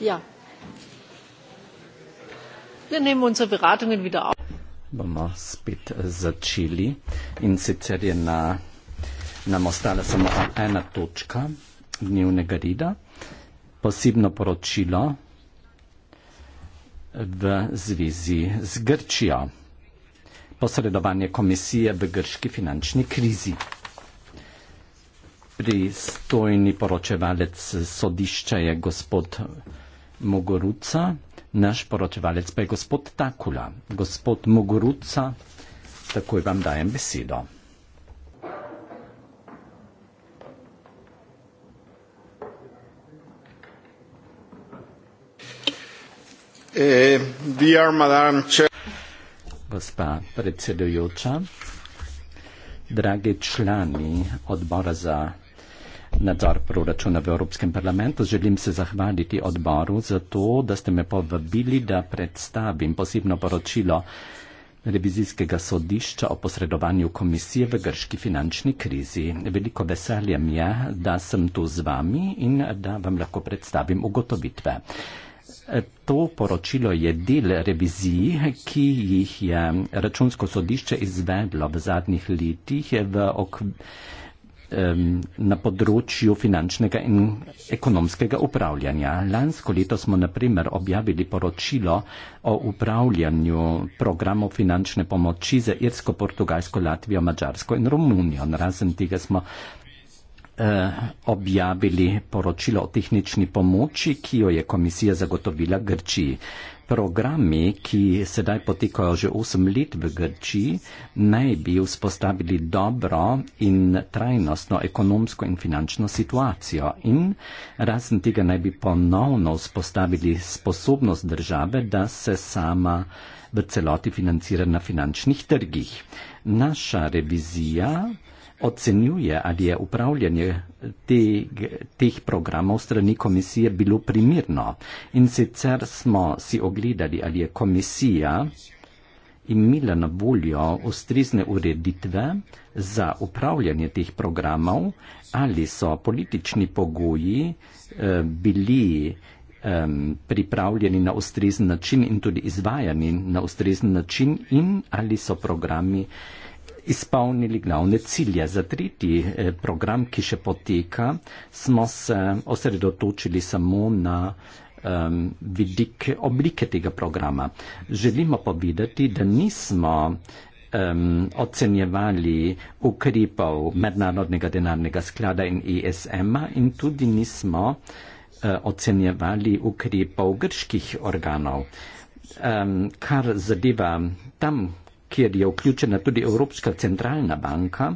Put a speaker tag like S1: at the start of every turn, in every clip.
S1: Ja. Wir nehmen unsere Beratungen wieder auf.
S2: Bomo spet začeli in sicer je na, nam ostala samo ena točka dnevnega reda, posebno poročilo v zvezi z Grčijo posredovanje komisije v grški finančni krizi. Pristojni poročevalec sodišča je gospod Mogoruca, naš poročevalec pa je gospod Takula. Gospod Mogoruca, takoj vam dajem besedo. Eh, dear Madam Chair, gospa predsedujoča, dragi člani odbora za nadzor proračuna v Evropskem parlamentu, želim se zahvaliti odboru za to, da ste me povabili, da predstavim posebno poročilo revizijskega sodišča o posredovanju komisije v grški finančni krizi. Veliko veseljem je, da sem tu z vami in da vam lahko predstavim ugotovitve. To poročilo je del revizij, ki jih je računsko sodišče izvedlo v zadnjih letih v na področju finančnega in ekonomskega upravljanja. Lansko leto smo naprimer objavili poročilo o upravljanju programov finančne pomoči za Irsko, Portugalsko, Latvijo, Mačarsko in Romunijo. Razen tega smo Eh, objavili poročilo o tehnični pomoči, ki jo je komisija zagotovila Grčiji. Programi, ki sedaj potekajo že 8 let v Grčiji, naj bi vzpostavili dobro in trajnostno ekonomsko in finančno situacijo in razen tega naj bi ponovno vzpostavili sposobnost države, da se sama v celoti financira na finančnih trgih. Naša revizija ocenjuje, ali je upravljanje te, teh programov strani komisije bilo primirno. In sicer smo si ogledali, ali je komisija imela na voljo ustrezne ureditve za upravljanje teh programov, ali so politični pogoji eh, bili eh, pripravljeni na ustrezen način in tudi izvajani na ustrezen način in ali so programi eh, izpolnili glavne cilje. Za tretji eh, program, ki še poteka, smo se osredotočili samo na um, vidik oblike tega programa. Želimo povedati, da nismo um, ocenjevali ukrepov Mednarodnega denarnega sklada in ESM in tudi nismo eh, ocenjevali ukrepov grških organov. Um, kar zadeva tam, kjer je vključena tudi Evropska centralna banka,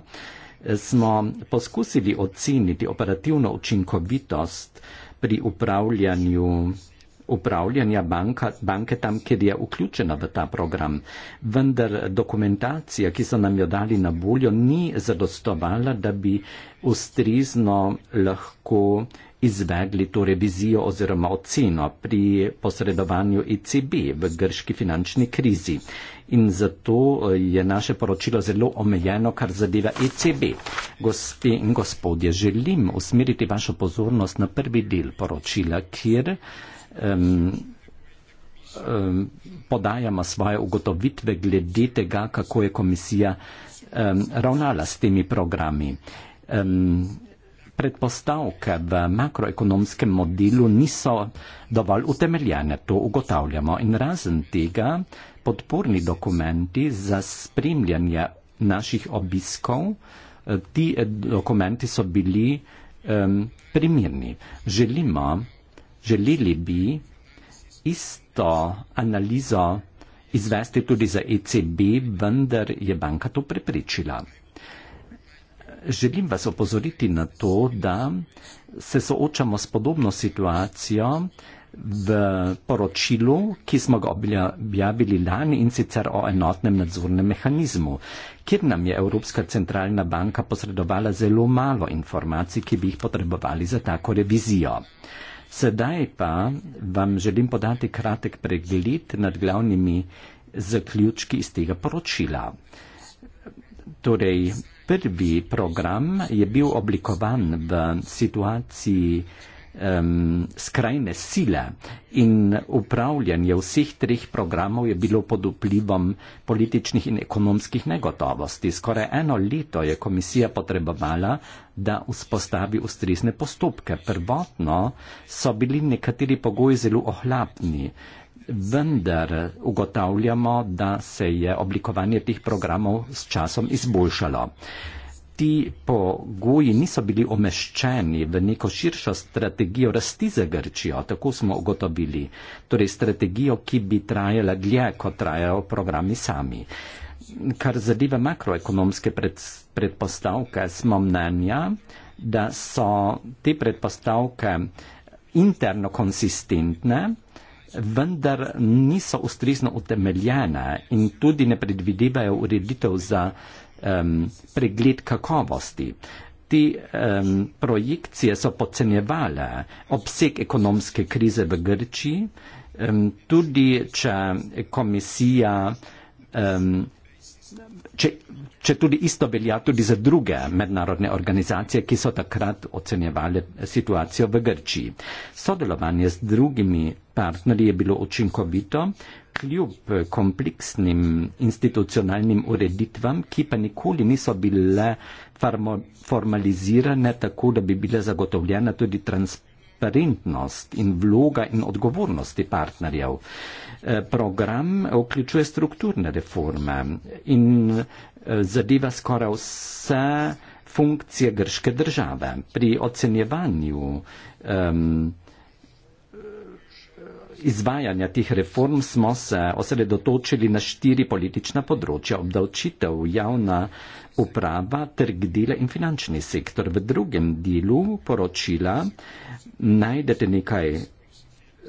S2: smo poskusili oceniti operativno učinkovitost pri upravljanju upravljanja banka, banke tam, kjer je vključena v ta program. Vendar dokumentacija, ki so nam jo dali na voljo, ni zadostovala, da bi ustrezno lahko izvedli to revizijo oziroma oceno pri posredovanju ECB v grški finančni krizi. In zato eh, je naše poročilo zelo omejeno, kar zadeva ECB. Gospe in gospodje, želim usmeriti vašo pozornost na prvi del poročila, kjer um, um, podajamo svoje ugotovitve glede tega, kako je komisija um, ravnala s temi programi. Um, predpostavke v makroekonomskem modelu niso dovolj utemeljene, to ugotavljamo. In razen tega, podporni dokumenti za spremljanje naših obiskov, eh, ti eh, dokumenti so bili um, primirni. Želimo, želeli bi isto analizo izvesti tudi za ECB, vendar je banka to preprečila želim vas opozoriti na to, da se soočamo s podobno situacijo v poročilu, ki smo ga objavili lani in sicer o enotnem nadzornem mehanizmu, kjer nam je Evropska centralna banka posredovala zelo malo informacij, ki bi jih potrebovali za tako revizijo. Sedaj pa vam želim podati kratek pregled nad glavnimi zaključki iz tega poročila. Torej, Prvi program je bil oblikovan v situaciji um, skrajne sile in upravljanje vseh treh programov je bilo pod vplivom političnih in ekonomskih negotovosti. Skoraj eno leto je komisija potrebovala, da vzpostavi ustrezne postopke. Prvotno so bili nekateri pogoji zelo ohlapni vendar ugotavljamo, da se je oblikovanje teh programov s časom izboljšalo. Ti pogoji niso bili omeščeni v neko širšo strategijo rasti za Grčijo, tako smo ugotovili, torej strategijo, ki bi trajala dlje, kot trajajo programi sami. Kar zadeva makroekonomske pred, predpostavke, smo mnenja, da so te predpostavke interno konsistentne, vendar niso ustrezno utemeljene in tudi ne predvidevajo ureditev za um, pregled kakovosti. Te um, projekcije so podcenjevale obseg ekonomske krize v Grčiji, um, tudi če komisija um, če, če tudi isto velja tudi za druge mednarodne organizacije, ki so takrat ocenjevali situacijo v Grčiji. Sodelovanje z drugimi partnerji je bilo učinkovito, kljub kompleksnim institucionalnim ureditvam, ki pa nikoli niso bile formalizirane tako, da bi bile zagotovljene tudi transparentnosti transparentnost in vloga in odgovornosti partnerjev. Eh, program vključuje strukturne reforme in eh, zadeva skoraj vse funkcije grške države. Pri ocenjevanju um, izvajanja teh reform smo se osredotočili na štiri politična področja. Obdavčitev, javna uh, uprava, trg dela in finančni sektor. V drugem delu poročila najdete nekaj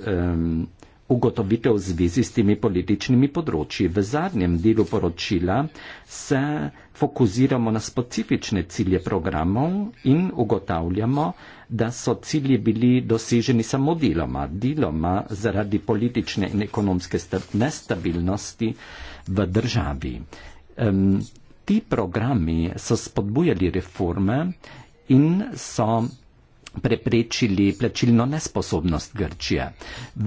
S2: um, ugotovitev v zvezi s temi političnimi področji. V zadnjem delu poročila se fokusiramo na specifične cilje programov in ugotavljamo, da so cilje bili doseženi samo deloma, deloma zaradi politične in ekonomske nestabilnosti v državi. Um, ti programi so spodbujali reforme in so preprečili plačilno nesposobnost Grčije.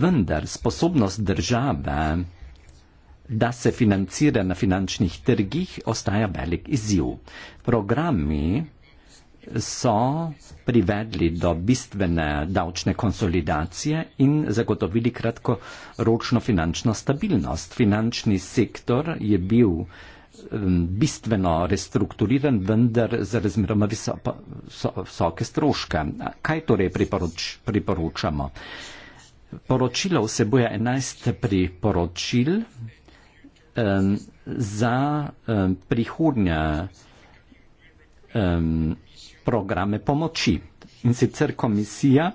S2: Vendar sposobnost države, da se financira na finančnih trgih, ostaja velik izziv. Programi so privedli do bistvene davčne konsolidacije in zagotovili kratkoročno finančno stabilnost. Finančni sektor je bil bistveno restrukturiran, vendar z razmeroma visoke stroške. Kaj torej priporoč, priporočamo? Poročilo vseboje 11 priporočil um, za um, prihodnje um, programe pomoči. In sicer komisija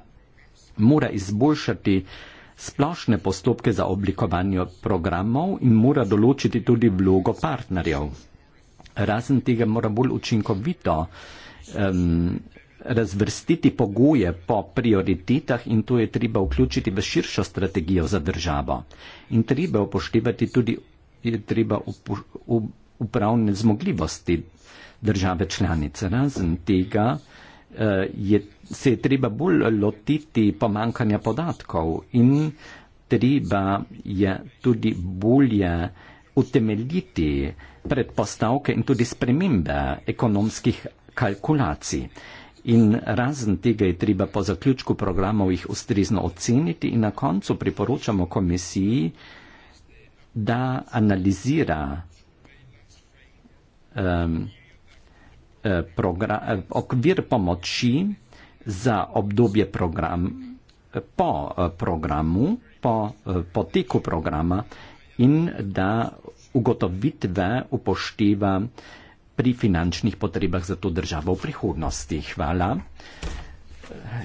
S2: mora izboljšati uh, splošne postopke za oblikovanje programov in mora določiti tudi vlogo partnerjev. Razen tega mora bolj učinkovito um, razvrstiti pogoje po prioritetah in to je treba vključiti v širšo strategijo za državo. In treba upoštevati tudi treba upo, upravne zmogljivosti države članice. Razen tega Eh, je, se je treba bolj lotiti pomankanja podatkov in treba je tudi bolje utemeljiti predpostavke in tudi spremembe ekonomskih kalkulacij. In razen tega je treba po zaključku programov jih ustrezno oceniti in na koncu priporočamo komisiji, da analizira um, Eh, eh, okvir pomoči za obdobje program, po eh, programu, po poteku programa in da ugotovitve upošteva pri finančnih potrebah za to državo v prihodnosti. Hvala.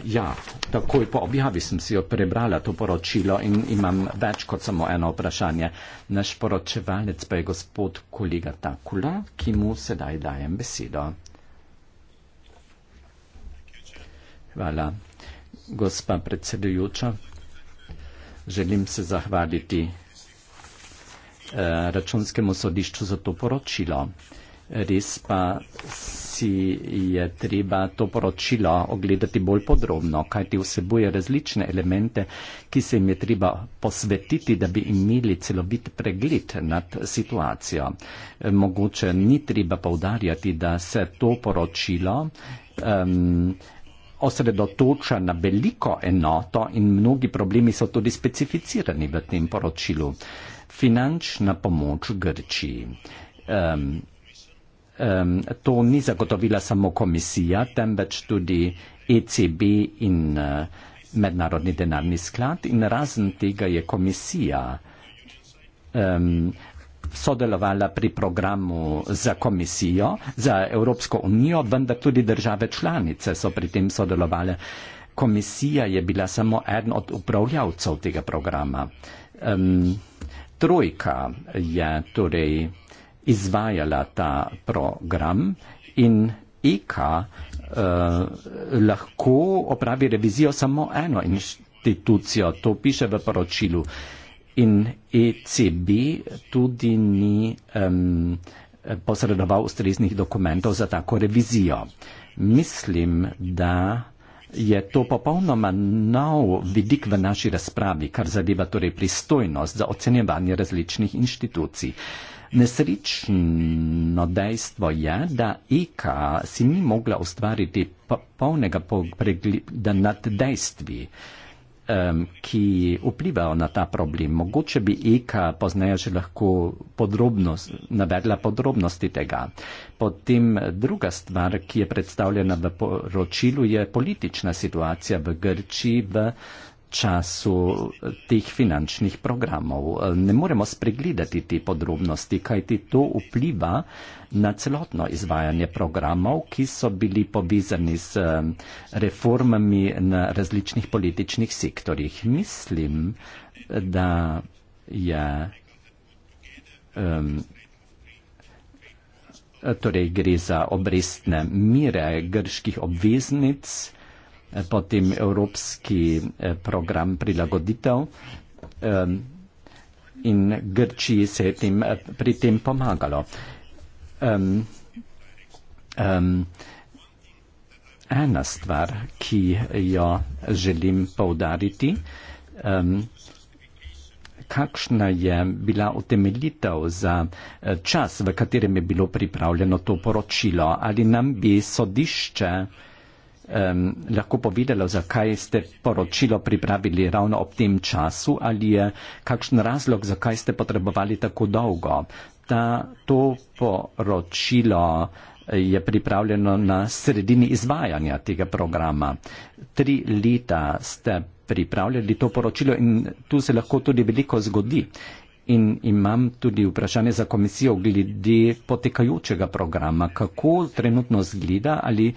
S2: Ja, takoj po objavi sem si prebrala to poročilo in imam več kot samo eno vprašanje. Naš poročevalec pa je gospod kolega Takula, ki mu sedaj dajem besedo. Hvala. Gospa predsedujoča, želim se zahvaliti eh, računskemu sodišču za to poročilo. Res pa si je treba to poročilo ogledati bolj podrobno, kaj ti vsebuje različne elemente, ki se jim je treba posvetiti, da bi imeli celobit pregled nad situacijo. Eh, mogoče ni treba povdarjati, da se to poročilo um, osredotoča na veliko enoto in mnogi problemi so tudi specificirani v tem poročilu. Finančna pomoč Grčiji. Um, um, to ni zagotovila samo komisija, temveč tudi ECB in uh, Mednarodni denarni sklad in razen tega je komisija. Um, sodelovala pri programu za komisijo, za Evropsko unijo, vendar tudi države članice so pri tem sodelovali. Komisija je bila samo eden od upravljavcev tega programa. Um, trojka je torej izvajala ta program in IK uh, eh, lahko opravi revizijo samo eno inštitucijo, to piše v poročilu. Uh, in ECB tudi ni um, posredoval ustreznih dokumentov za tako revizijo. Mislim, da je to popolnoma nov vidik v naši razpravi, kar zadeva torej pristojnost za ocenjevanje različnih inštitucij. Nesrečno dejstvo je, da ECA si ni mogla ustvariti popolnega pregleda nad dejstvi. Uh, um, ki vplivajo na ta problem. Mogoče bi Eka poznaje že lahko podrobnost, navedla podrobnosti tega. Potem druga stvar, ki je predstavljena v poročilu, je politična situacija v Grčiji. V času teh finančnih programov. Ne moremo spregledati te podrobnosti, kajti to vpliva na celotno izvajanje programov, ki so bili povezani z eh, reformami na različnih političnih sektorjih. Mislim, da je. Um, torej gre za obrestne mire grških obveznic, Eh, potem evropski eh, program prilagoditev ehm, in Grčiji se je tem, eh, pri tem pomagalo. Um, um, ena stvar, ki jo želim poudariti, um, kakšna je bila utemeljitev za čas, v katerem je bilo pripravljeno to poročilo, ali nam bi sodišče uh, um, lahko povedala, zakaj ste poročilo pripravili ravno ob tem času ali je kakšen razlog, zakaj ste potrebovali tako dolgo. Ta, to poročilo eh, je pripravljeno na sredini izvajanja tega programa. Tri leta ste pripravljali to poročilo in tu se lahko tudi veliko zgodi. In imam tudi vprašanje za komisijo glede potekajočega programa. Kako trenutno zgleda, ali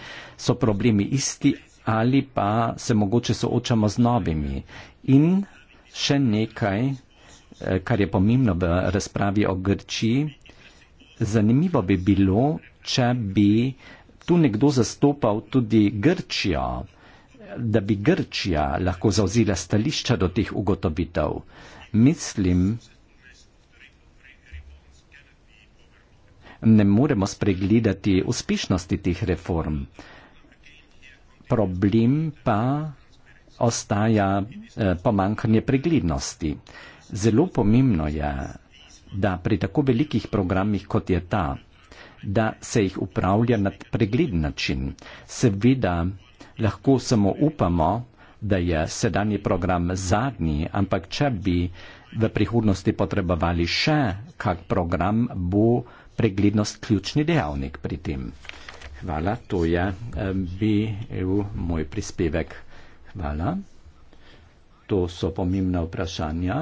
S2: so problemi isti ali pa se mogoče soočamo z novimi. In še nekaj, eh, kar je pomembno v razpravi o Grčiji. Zanimivo bi bilo, če bi tu nekdo zastopal tudi Grčijo, da bi Grčija lahko zauzila stališča do teh ugotovitev. Mislim, ne moremo spregledati uspešnosti teh reform. Problem pa ostaja eh, pomankanje preglednosti. Zelo pomembno je, da pri tako velikih programih, kot je ta, da se jih upravlja na pregleden način. Seveda lahko samo upamo, da je sedanji program zadnji, ampak če bi v prihodnosti potrebovali še kak program, bo preglednost ključni dejavnik pri tem. Hvala, to je eh, bil moj prispevek. Hvala. To so pomembna vprašanja,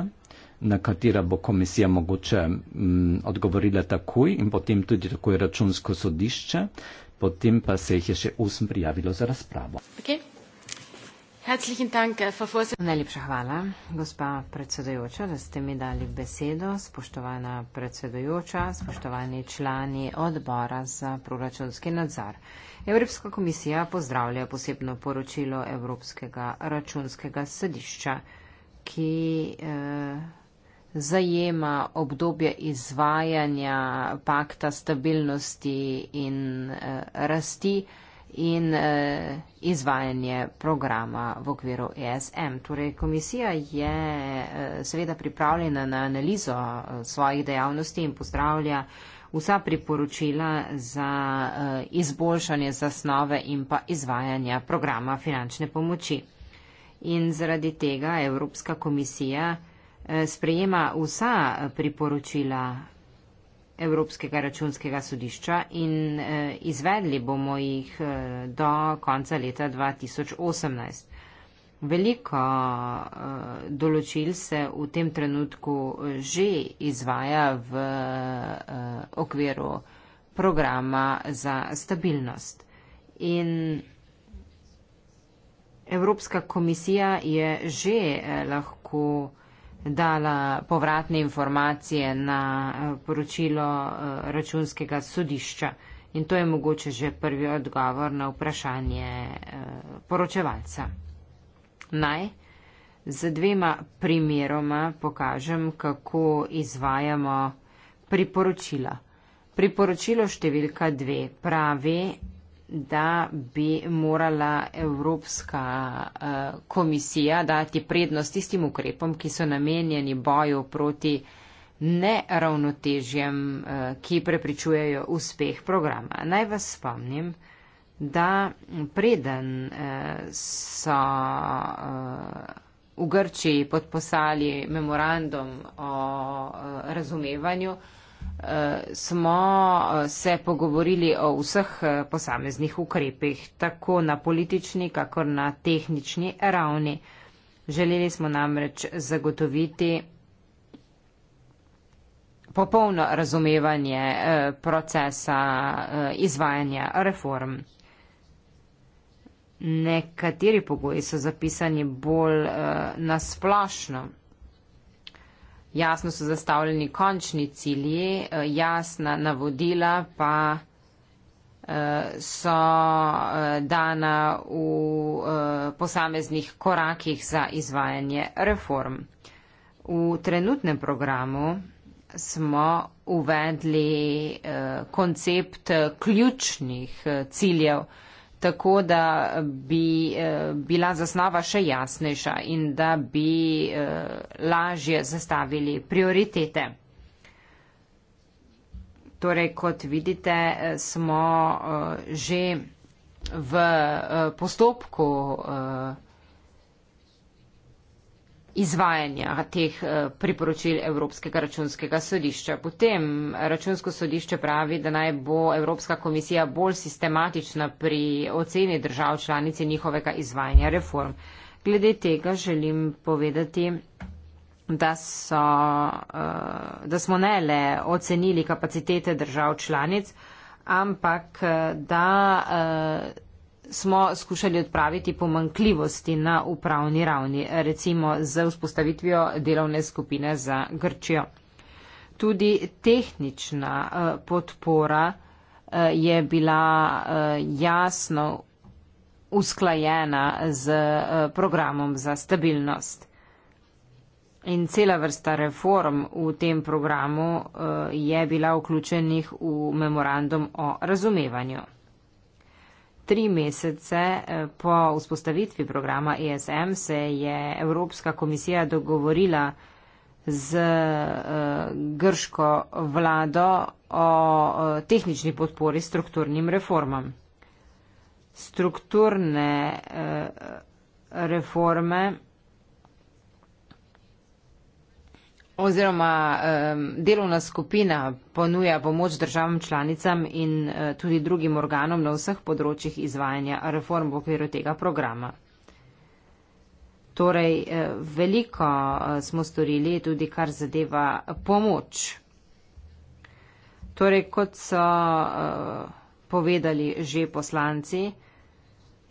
S2: na katera bo komisija mogoče m, mm, odgovorila takoj in potem tudi takoj računsko sodišče, potem pa se jih je še osem prijavilo za razpravo.
S3: Okay. Äh, Najlepša hvala, gospa predsedujoča, da ste mi dali besedo. Spoštovana predsedujoča, spoštovani člani odbora za proračunski nadzor. Evropska komisija pozdravlja posebno poročilo Evropskega računskega sedišča, ki eh, zajema obdobje izvajanja pakta stabilnosti in eh, rasti in eh, izvajanje programa v okviru ESM. Torej, komisija je eh, seveda pripravljena na analizo eh, svojih dejavnosti in pozdravlja vsa priporočila za izboljšanje zasnove in pa izvajanja programa finančne pomoči. In zaradi tega Evropska komisija sprejema vsa priporočila Evropskega računskega sodišča in eh, izvedli bomo jih eh, do konca leta 2018. Veliko eh, določil se v tem trenutku že izvaja v okviru programa za stabilnost. In Evropska komisija je že lahko dala povratne informacije na eh, poročilo eh, računskega sodišča. In to je mogoče že prvi odgovor na vprašanje eh, poročevalca. Naj z dvema primeroma pokažem, kako izvajamo priporočila. Priporočilo številka dve pravi, da bi morala Evropska eh, komisija dati prednost tistim ukrepom, ki so namenjeni boju proti neravnotežjem, eh, ki prepričujejo uspeh programa. Naj vas spomnim, da preden eh, so v Grčiji podposali memorandum o razumevanju, smo eh, se pogovorili o vseh eh, posameznih ukrepih, tako na politični, kakor na tehnični ravni. Želeli smo namreč zagotoviti popolno razumevanje eh, procesa izvajanja reform. Nekateri pogoji so zapisani bolj nasplošno jasno so zastavljeni končni cilji, eh, jasna navodila pa eh, so eh, dana v posameznih korakih za izvajanje reform. V trenutnem programu smo uvedli koncept ključnih ciljev, tako da bi eh, bila zasnova še jasnejša in da bi eh, lažje zastavili prioritete. Torej, kot vidite, eh, smo že v postopku izvajanja teh eh, priporočil Evropskega računskega sodišča. Potem računsko sodišče pravi, da naj bo Evropska komisija bolj sistematična pri oceni držav članice njihovega izvajanja reform. Glede tega želim povedati, da, so, eh, da smo ne le ocenili kapacitete držav članic, ampak eh, da smo skušali odpraviti pomankljivosti na upravni ravni, recimo z vzpostavitvijo delovne skupine za Grčijo. Tudi tehnična eh, podpora eh, je bila eh, jasno usklajena z programom za stabilnost. In cela vrsta reform v tem programu je bila vključenih v memorandum o razumevanju tri mesece eh, po vzpostavitvi programa ESM se je Evropska komisija dogovorila z eh, grško vlado o eh, tehnični podpori strukturnim reformam. Strukturne reforme oziroma um, delovna skupina ponuja pomoč državam članicam in uh, tudi drugim organom na vseh področjih izvajanja reform v okviru tega programa. Torej, uh, veliko uh, smo storili tudi kar zadeva pomoč. Torej, kot so uh, povedali že poslanci,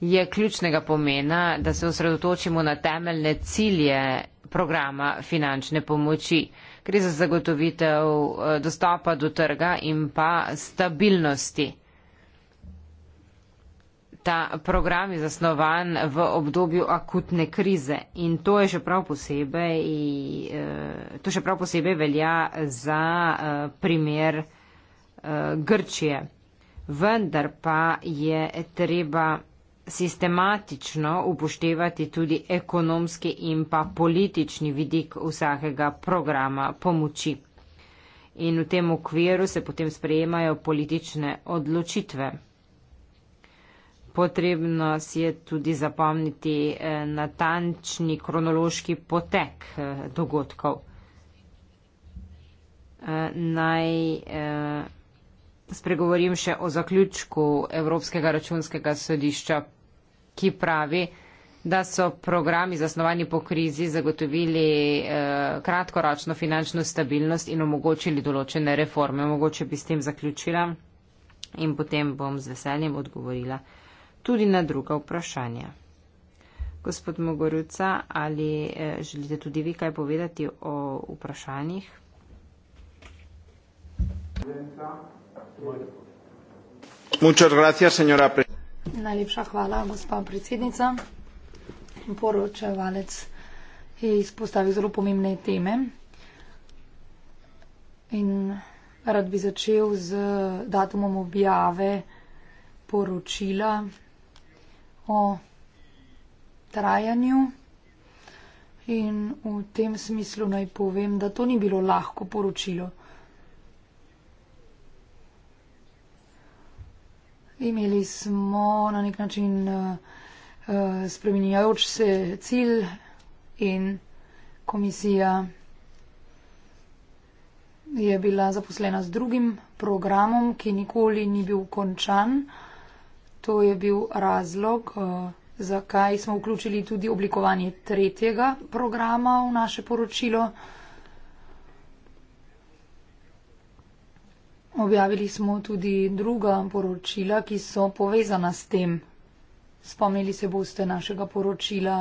S3: je ključnega pomena, da se osredotočimo na temeljne cilje programa finančne pomoči. Gre za zagotovitev eh, dostopa do trga in pa stabilnosti. Ta program je zasnovan v obdobju akutne krize in to je še prav posebej, eh, to še prav posebej velja za eh, primer Grčije. Vendar pa je treba sistematično upoštevati tudi ekonomski in pa politični vidik vsakega programa pomoči. In v tem okviru se potem sprejemajo politične odločitve. Potrebno si je tudi zapomniti eh, natančni kronološki potek eh, dogodkov. Eh, naj spregovorim še o zaključku Evropskega računskega sodišča ki pravi, da so programi zasnovani po krizi zagotovili eh, kratkoročno finančno stabilnost in omogočili določene reforme. Mogoče bi s tem zaključila in potem bom z veseljem odgovorila tudi na druga vprašanja. Gospod Mogoruca, ali eh, želite tudi vi kaj povedati o vprašanjih?
S2: Muchas gracias, señora
S1: Najlepša hvala, gospa predsednica. Poročevalec je izpostavil zelo pomembne teme. In rad bi začel z datumom objave poročila o trajanju. In v tem smislu naj povem, da to ni bilo lahko poročilo. Imeli smo na nek način uh, eh, eh, spremenjajoč se cilj in komisija je bila zaposlena z drugim programom, ki nikoli ni bil končan. To je bil razlog, uh, zakaj smo vključili tudi oblikovanje tretjega programa v naše poročilo. Objavili smo tudi druga poročila, ki so povezana s tem. Spomnili se boste našega poročila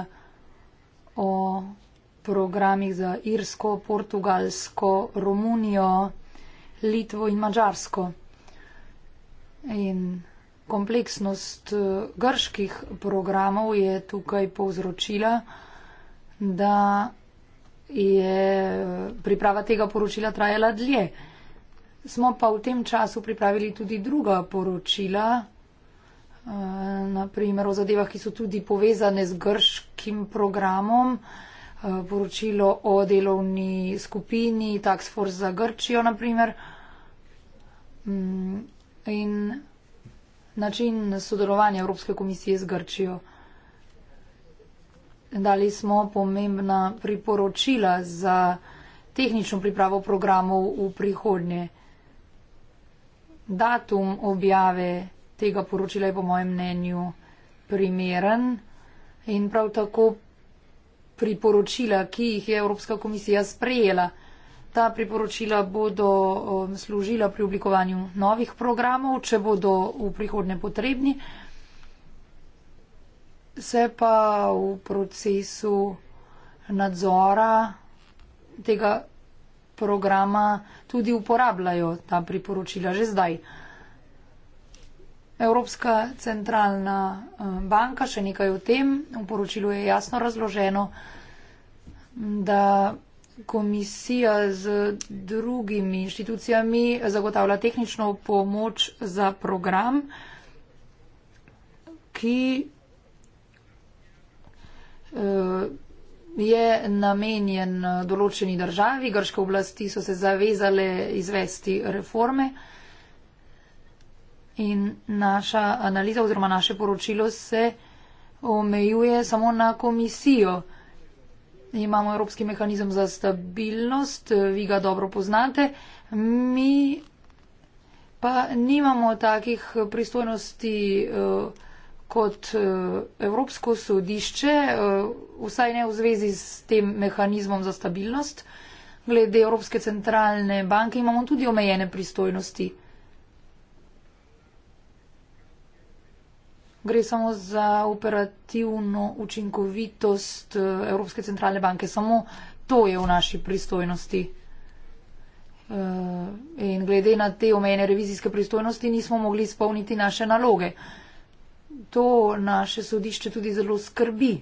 S1: o programih za Irsko, Portugalsko, Romunijo, Litvo in Mačarsko. In kompleksnost eh, grških programov je tukaj povzročila, da je eh, priprava tega poročila trajala dlje smo pa v tem času pripravili tudi druga poročila, eh, naprimer o zadevah, ki so tudi povezane z grškim programom. Eh, poročilo o delovni skupini Tax Force za Grčijo, naprimer. Mm, in način sodelovanja Evropske komisije z Grčijo. Dali smo pomembna priporočila za tehnično pripravo programov v prihodnje datum objave tega poročila je po mojem mnenju primeren in prav tako priporočila, ki jih je Evropska komisija sprejela. Ta priporočila bodo um, služila pri oblikovanju novih programov, če bodo v prihodnje potrebni. Se pa v procesu nadzora tega programa tudi uporabljajo ta priporočila že zdaj. Evropska centralna eh, banka še nekaj o tem, v poročilu je jasno razloženo, da komisija z drugimi inštitucijami zagotavlja tehnično pomoč za program, ki eh, je namenjen eh, določeni državi. Grške oblasti so se zavezale izvesti reforme. In naša analiza oziroma naše poročilo se omejuje samo na komisijo. Imamo Evropski mehanizem za stabilnost, eh, vi ga dobro poznate. Mi pa nimamo takih pristojnosti. Uh, kot eh, Evropsko sodišče, eh, vsaj ne v zvezi s tem mehanizmom za stabilnost. Glede Evropske centralne banke imamo tudi omejene pristojnosti. Gre samo za operativno učinkovitost eh, Evropske centralne banke. Samo to je v naši pristojnosti. In glede na te omejene revizijske pristojnosti nismo mogli izpolniti naše naloge to naše sodišče tudi zelo skrbi.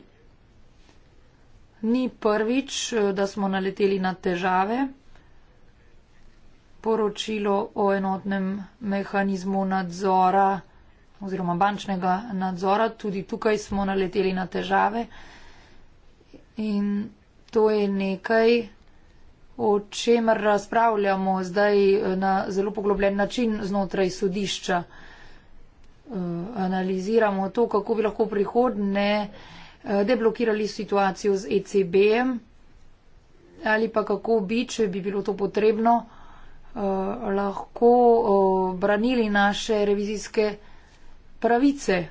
S1: Ni prvič, eh, da smo naleteli na težave. Poročilo o enotnem mehanizmu nadzora oziroma bančnega nadzora, tudi tukaj smo naleteli na težave. In to je nekaj, o čemer razpravljamo zdaj eh, na zelo poglobljen način znotraj sodišča. Eh, analiziramo to, kako bi lahko prihodne eh, deblokirali situacijo z ECB-em ali pa kako bi, če bi bilo to potrebno, eh, lahko branili naše revizijske pravice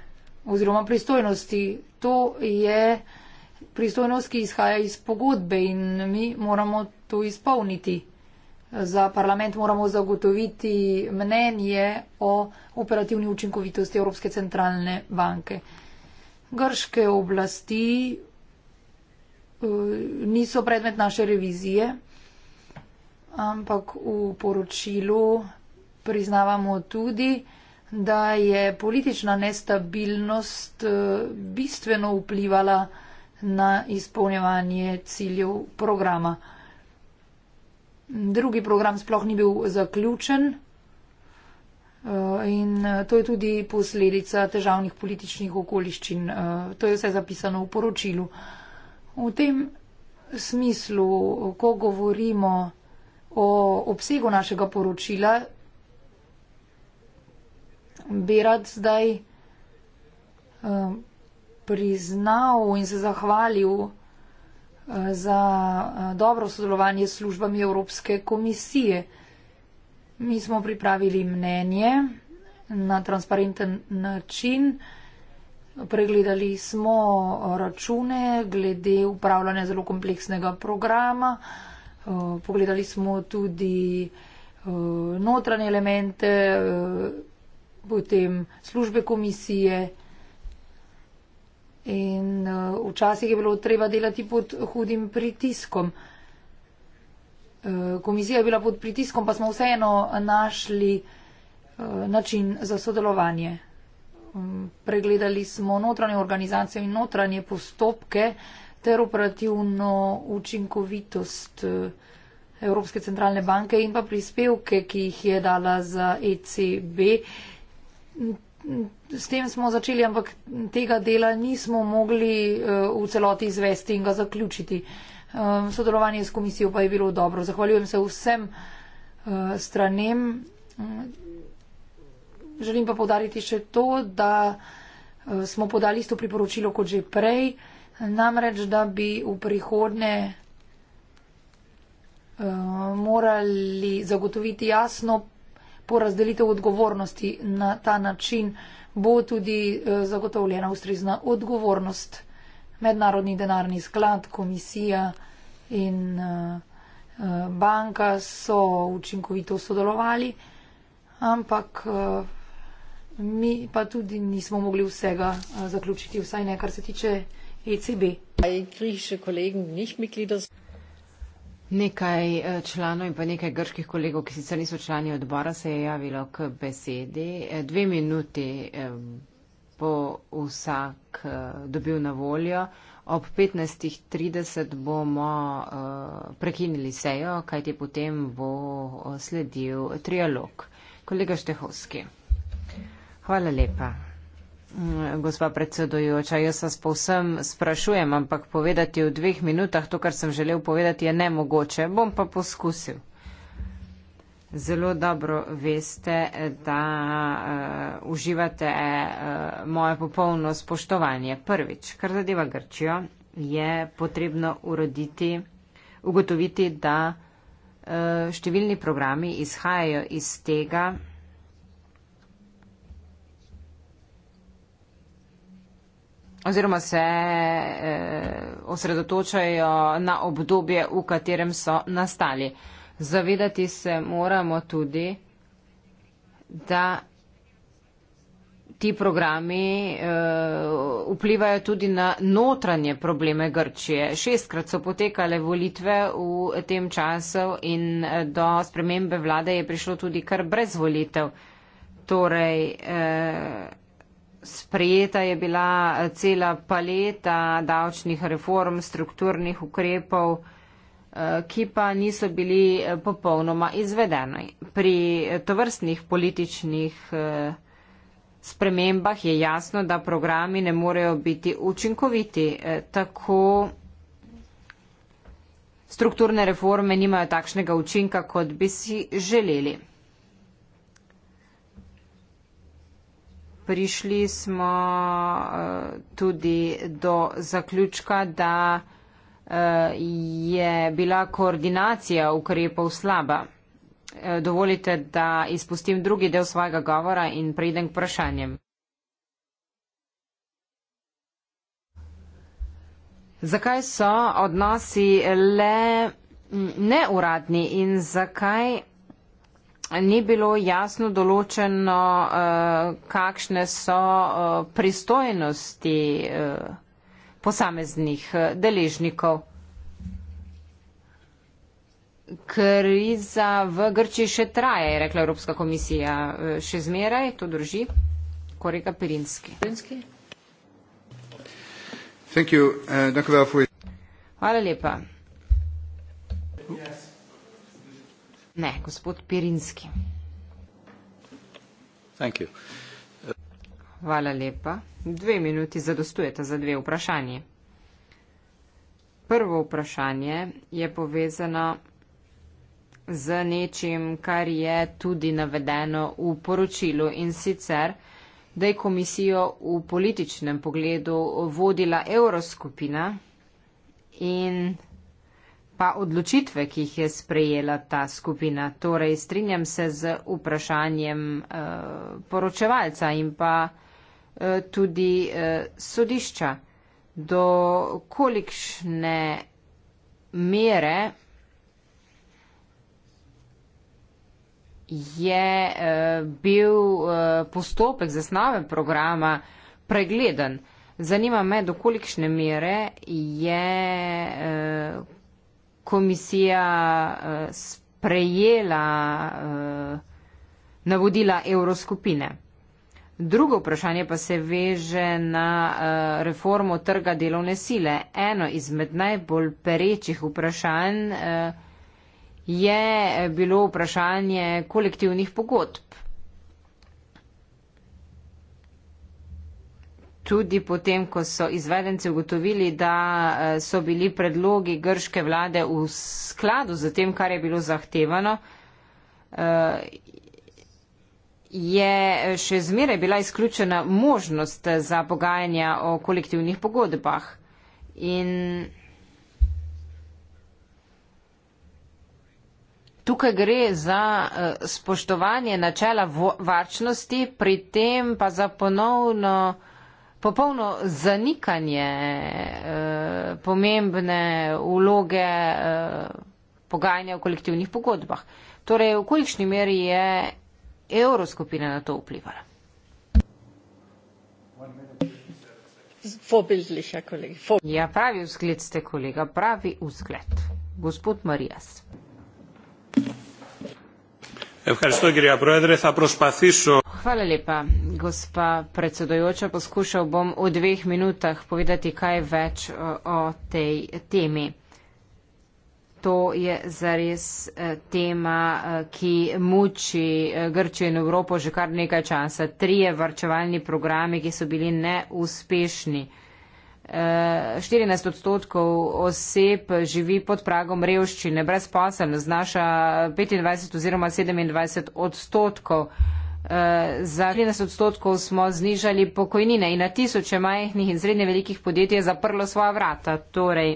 S1: oziroma pristojnosti. To je pristojnost, ki izhaja iz pogodbe in mi moramo to izpolniti za parlament moramo zagotoviti mnenje o operativni učinkovitosti Evropske centralne banke. Grške oblasti eh, niso predmet naše revizije, ampak v poročilu priznavamo tudi, da je politična nestabilnost eh, bistveno vplivala na izpolnjevanje ciljev programa drugi program sploh ni bil zaključen. Eh, in eh, to je tudi posledica težavnih političnih okoliščin. Eh, to je vse zapisano v poročilu. V tem smislu, ko govorimo o obsegu našega poročila, bi rad zdaj priznal in se zahvalil za eh, dobro sodelovanje s službami Evropske komisije. Mi smo pripravili mnenje na transparenten način. Pregledali smo račune glede upravljanja zelo kompleksnega programa. Eh, pogledali smo tudi eh, notranje elemente, potem službe komisije In uh, včasih je bilo treba delati pod hudim pritiskom. Uh, komisija je bila pod pritiskom, pa smo vseeno našli uh, način za sodelovanje. Um, pregledali smo notranje organizacije in notranje postopke ter operativno učinkovitost uh, Evropske centralne banke in pa prispevke, ki jih je dala za ECB s tem smo začeli, ampak tega dela nismo mogli eh, v celoti izvesti in ga zaključiti. Eh, sodelovanje s komisijo pa je bilo dobro. Zahvaljujem se vsem eh, stranem. Želim pa podariti še to, da smo podali isto priporočilo kot že prej, namreč, da bi v prihodnje morali zagotoviti jasno porazdelitev odgovornosti na ta način bo tudi eh, zagotovljena ustrezna odgovornost mednarodni denarni sklad, komisija in eh, eh, banka so učinkovito sodelovali, ampak mi pa tudi nismo mogli vsega zaključiti, vsaj ne, kar se tiče e ECB.
S3: Nekaj eh, članov in pa nekaj grških kolegov, ki sicer niso člani odbora, se je javilo k besedi. Eh, dve minuti bo vsak eh, dobil na voljo. Ob 15.30 bomo prekinili sejo, kajti potem bo sledil trialog. Kolega Štehovski. Hvala lepa. Gospa predsedujoča, jaz vas povsem sprašujem, ampak povedati v dveh minutah to, kar sem želel povedati, je nemogoče. Bom pa poskusil. Zelo dobro veste, da uh, uživate uh, moje popolno spoštovanje. Prvič, kar zadeva Grčijo, je potrebno uroditi, ugotoviti, da uh, številni programi izhajajo iz tega, oziroma se eh, osredotočajo na obdobje, v katerem so nastali. Zavedati se moramo tudi, da ti programi eh, vplivajo tudi na notranje probleme Grčije. Šestkrat so potekale volitve v tem času in eh, do spremembe vlade je prišlo tudi kar brez volitev. Torej, eh, Sprejeta je bila cela paleta davčnih reform, strukturnih ukrepov, eh, ki pa niso bili eh, popolnoma izvedeni. Pri tovrstnih političnih eh, spremembah je jasno, da programi ne morejo biti učinkoviti. Tako strukturne reforme nimajo takšnega učinka, kot bi si želeli. prišli smo eh, tudi do zaključka, da eh, je bila koordinacija ukrepov slaba. Eh, dovolite, da izpustim drugi del svojega govora in preidem k vprašanjem. Zakaj so odnosi le mm, neuradni in zakaj ni bilo jasno določeno, eh, kakšne so eh, pristojnosti eh, posameznih deležnikov. Kriza v Grčiji še traje, je rekla Evropska komisija. Še zmeraj to drži korega Pirinski. Pirinski? Hvala lepa. Yes. Hvala lepa. Dve minuti zadostujete za dve vprašanje. Prvo vprašanje je povezano z nečim, kar je tudi navedeno v poročilu in sicer, da je komisijo v političnem pogledu vodila evroskupina in pa odločitve, ki jih je sprejela ta skupina. Torej, strinjam se z vprašanjem eh, poročevalca in pa eh, tudi eh, sodišča, do kolikšne mere je bil postopek zasnove programa pregleden. Zanima me, do kolikšne mere je komisija eh, sprejela eh, navodila evroskupine. Drugo vprašanje pa se veže na eh, reformo trga delovne sile. Eno izmed najbolj perečih vprašanj je bilo vprašanje kolektivnih pogodb. tudi potem, ko so izvedenci ugotovili, da eh, so bili predlogi grške vlade v skladu z tem, kar je bilo zahtevano, eh, je še zmeraj bila izključena možnost eh, za pogajanja o kolektivnih pogodbah. In Tukaj gre za spoštovanje načela varčnosti, pri tem pa za ponovno uh, popolno zanikanje e, pomembne vloge e, pogajanja v kolektivnih pogodbah. Torej, v količni meri je evroskupina na to vplivala. Ja, pravi vzgled ste, kolega, pravi vzgled. Gospod Marijas.
S2: Hvala, da ste prišli.
S3: Hvala lepa, gospa predsedojoča. Poskušal bom v dveh minutah povedati kaj več eh, o tej temi. To je zares eh, tema, eh, ki muči Grčijo in Evropo že kar nekaj časa. Trije varčevalni programi, ki so bili neuspešni. 14 odstotkov oseb živi pod pragom revščine, brezposelnost znaša 25 oziroma 27 odstotkov. Eh, za 30 odstotkov smo znižali pokojnine in na tisoče majhnih in srednje velikih podjetij je zaprlo svoja vrata. Torej,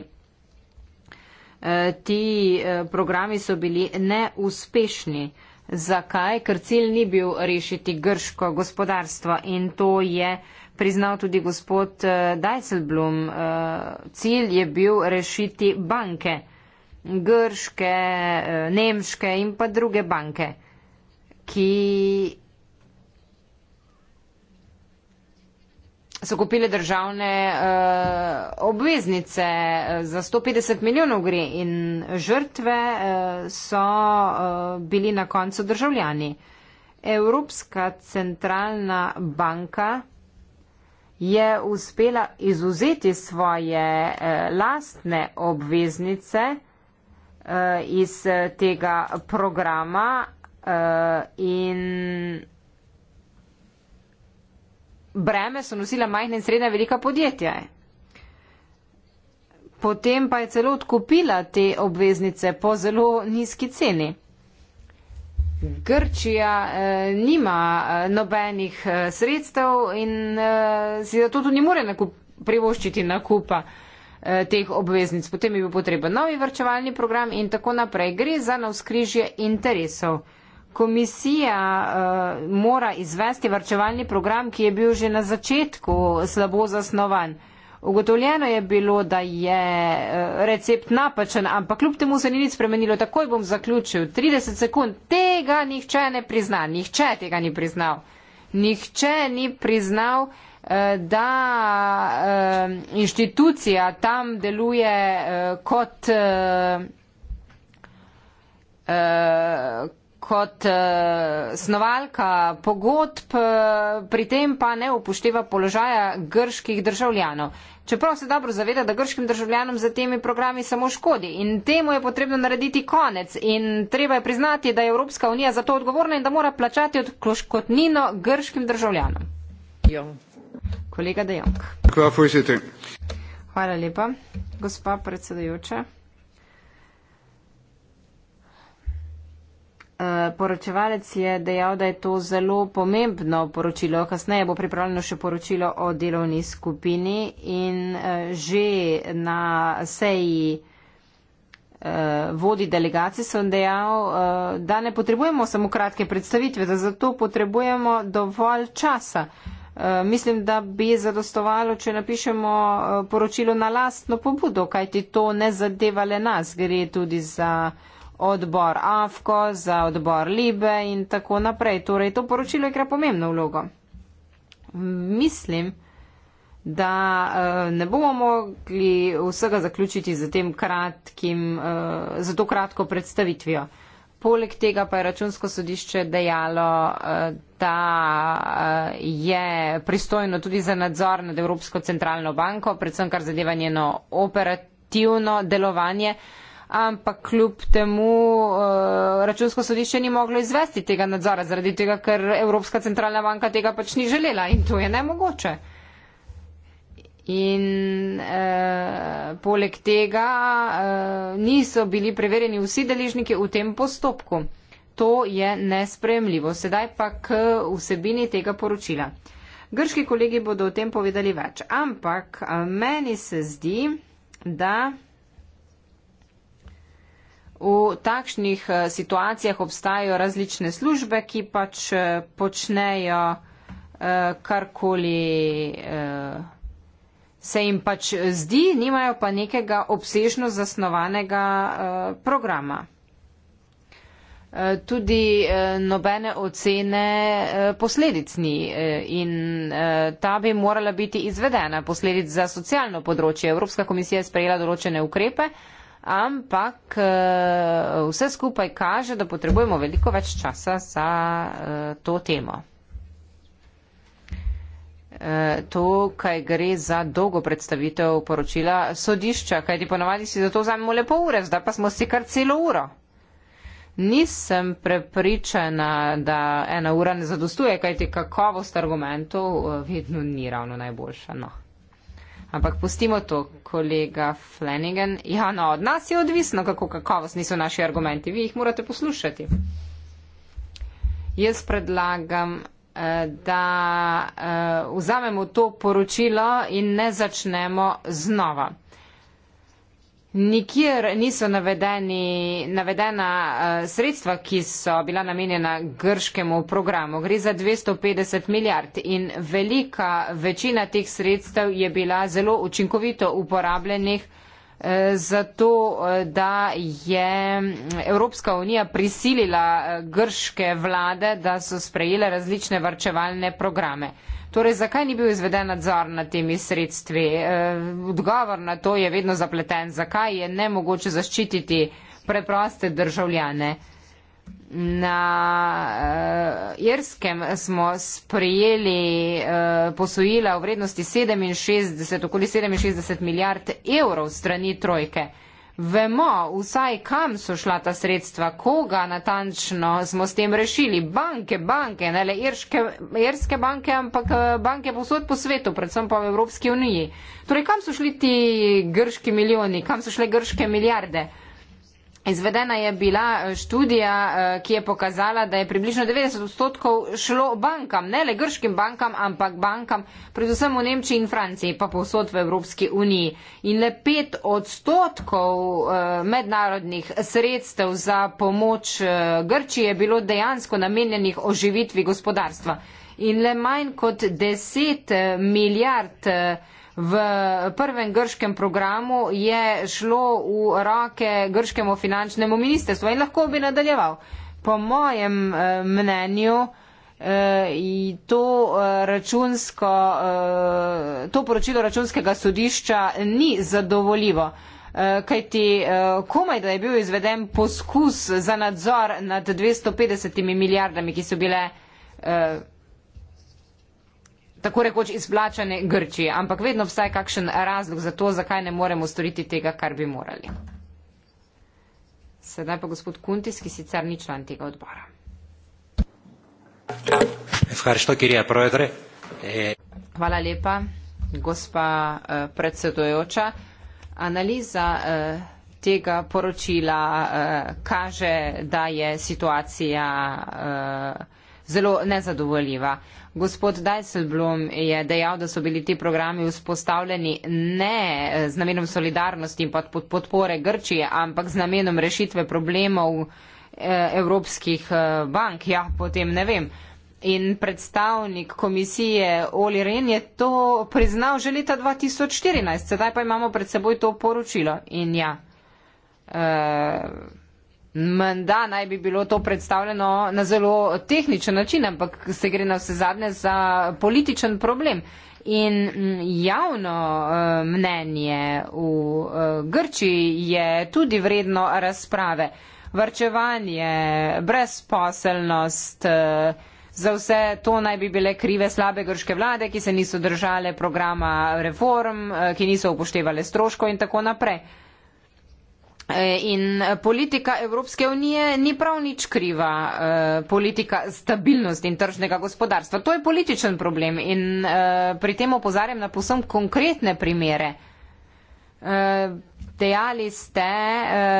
S3: eh, ti eh, programi so bili neuspešni. Zakaj? Ker cilj ni bil rešiti grško gospodarstvo in to je priznal tudi gospod Dijsselblom. Cilj je bil rešiti banke, grške, nemške in pa druge banke, ki so kupile državne uh, obveznice eh, za 150 milijonov gre in žrtve uh, so uh, bili na koncu državljani. Evropska centralna banka je uspela izuzeti svoje uh, lastne obveznice uh, iz tega programa uh, in breme so nosila majhna in srednja velika podjetja. Potem pa je celo odkupila te obveznice po zelo nizki ceni. Grčija eh, nima eh, nobenih eh, sredstev in eh, si zato tudi ne more nakup, privoščiti nakupa eh, teh obveznic. Potem je bil potreben novi vrčevalni program in tako naprej. Gre za navskrižje interesov. Eh, komisija uh, mora izvesti varčevalni program, ki je bil že na začetku slabo zasnovan. Ugotovljeno je bilo, da je eh, recept napačen, ampak kljub temu se ni nič spremenilo. Takoj bom zaključil. 30 sekund. Tega nihče ne prizna. Nihče tega ni priznal. Nihče ni priznal, eh, da inštitucija tam deluje kot, kot uh, snovalka pogodb, eh, pri tem pa ne upošteva položaja grških državljanov. Čeprav se dobro zaveda, da grškim državljanom za temi programi samo škodi in temu je potrebno narediti konec in treba je priznati, da je Evropska unija za to odgovorna in da mora plačati odkloškotnino grškim državljanom. Jo. Kolega Dejank. Hvala lepa, gospa predsedajoča. Eh, poročevalec je dejal, da je to zelo pomembno poročilo. Kasneje bo pripravljeno še poročilo o delovni skupini in eh, že na seji eh, vodi delegacije sem dejal, da ne potrebujemo samo kratke predstavitve, da zato potrebujemo dovolj časa. Mislim, da bi zadostovalo, če napišemo poročilo na lastno pobudo, kajti to ne zadeva le nas, gre tudi za odbor AFKO, za odbor LIBE in tako naprej. Torej, to poročilo igra pomembno vlogo. Mislim, da eh, ne bomo mogli vsega zaključiti z, kratkim, z eh, to kratko predstavitvijo. Poleg tega pa je računsko sodišče dejalo, eh, da je pristojno tudi za nadzor nad Evropsko centralno banko, predvsem kar zadeva njeno operativno delovanje ampak kljub temu eh, računsko sodišče ni moglo izvesti tega nadzora, zaradi tega, ker Evropska centralna banka tega pač ni želela in to je nemogoče. In eh, poleg tega eh, niso bili preverjeni vsi deležniki v tem postopku. To je nespremljivo. Sedaj pa k vsebini tega poročila. Grški kolegi bodo o tem povedali več. Ampak eh, meni se zdi, da. V takšnih eh, situacijah obstajajo različne službe, ki pač eh, počnejo eh, karkoli se jim pač zdi, nimajo pa nekega obsežno zasnovanega programa. Tudi nobene ocene posledic ni in ta bi morala biti izvedena. Posledic za socialno področje. Evropska komisija je sprejela določene ukrepe, ampak eh, vse skupaj kaže, da potrebujemo veliko več časa za eh, to temo. Eh, tukaj gre za dolgo predstavitev poročila sodišča, kajti ponovadi si za to vzamemo lepo ure, zdaj pa smo si kar celo uro. Nisem prepričana, da ena ura ne zadostuje, kajti kakovost argumentov vedno ni ravno najboljša. No. Ampak pustimo to, kolega Flanagan. Ja, no, od nas je odvisno, kako kakovostni so naši argumenti. Vi jih morate poslušati. Jaz predlagam, eh, da eh, vzamemo to poročilo in ne začnemo znova. Nikjer niso navedeni, navedena uh, sredstva, ki so bila namenjena grškemu programu. Gre za 250 milijard in velika večina teh sredstev je bila zelo učinkovito uporabljenih eh, zato, eh, da je mm, Evropska unija prisilila grške vlade, da so sprejele različne varčevalne programe. Torej, zakaj ni bil izveden nadzor nad temi sredstvi? E, odgovor na to je vedno zapleten. Zakaj je ne mogoče zaščititi preproste državljane? Na e, Irskem smo sprejeli e, posojila v vrednosti 67, okoli 67 milijard evrov strani trojke. Vemo vsaj, kam so šla ta sredstva, koga natančno smo s tem rešili. Banke, banke, ne le irske banke, ampak eh, banke posod po svetu, predvsem pa v Evropski uniji. Torej, kam so šli ti grški milijoni, kam so šle grške milijarde? Izvedena je bila eh, študija, eh, ki je pokazala, da je približno 90 odstotkov šlo bankam, ne le grškim bankam, ampak bankam, predvsem v Nemčiji in Franciji, pa povsod v Evropski uniji. In le 5 odstotkov eh, mednarodnih sredstev za pomoč Grčiji je bilo dejansko namenjenih oživitvi gospodarstva. In le manj kot 10 milijard v prvem grškem programu je šlo v roke grškemu finančnemu ministrstvu in lahko bi nadaljeval. Po mojem eh, mnenju eh, to, eh, računsko, to poročilo računskega sodišča ni zadovoljivo. Kajti komaj da je bil izveden poskus za nadzor nad 250 milijardami, ki so bile tako rekoč izplačane Grčije, ampak vedno vsaj kakšen razlog za to, zakaj ne moremo storiti tega, kar bi morali. Sedaj pa gospod Kuntis, ki sicer ni član tega odbora. Hvala lepa, gospa eh, predsedujoča. Analiza eh, tega poročila eh, kaže, da je situacija zelo nezadovoljiva. Gospod Dijsselblom je dejal, da so bili ti programi vzpostavljeni ne eh, z namenom solidarnosti in podpore Grčije, ampak z namenom rešitve problemov eh, evropskih eh, bank. Ja, potem ne vem. In predstavnik komisije Oli Ren je to priznal že leta 2014. Sedaj pa imamo pred seboj to poročilo. In ja. Uh, Menda naj bi bilo to predstavljeno na zelo tehničen način, ampak se gre na vse zadnje za političen problem. In mm, javno eh, mnenje v eh, Grčiji je tudi vredno razprave. Vrčevanje, brezposelnost, eh, za vse to naj bi bile krive slabe grške vlade, ki se niso držale programa reform, ki niso upoštevale stroško in tako naprej. Eh, in eh, politika Evropske unije ni prav nič kriva, eh, politika stabilnosti in tržnega gospodarstva. To je političen problem in pri tem opozarjam na posem konkretne primere. Dejali ste,